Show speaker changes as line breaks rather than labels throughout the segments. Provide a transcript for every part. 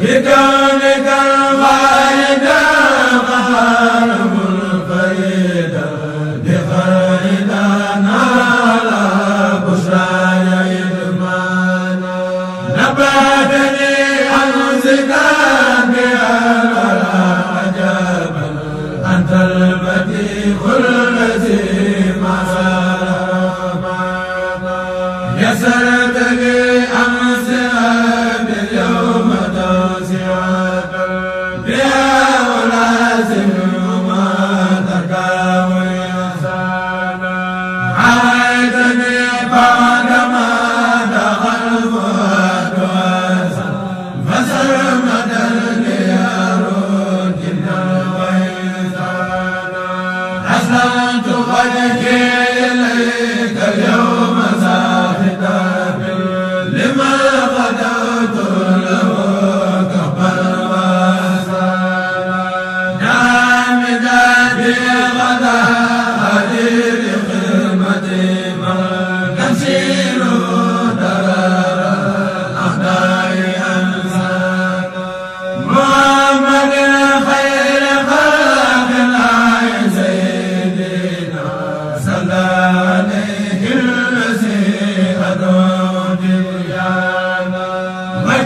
Bika
yaa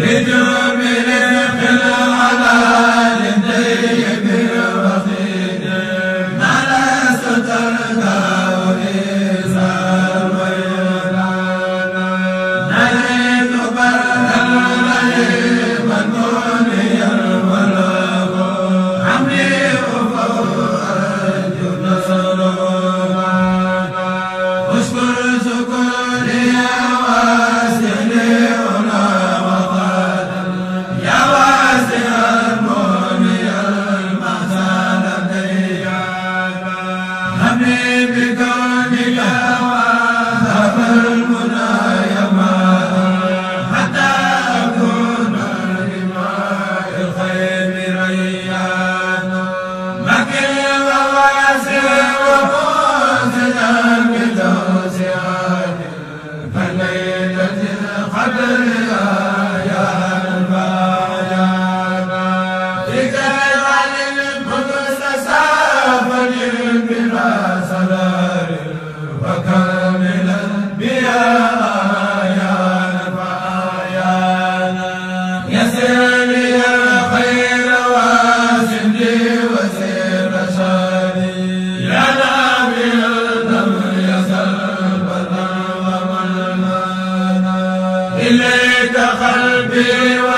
لجمل الخلال الطيب قلبي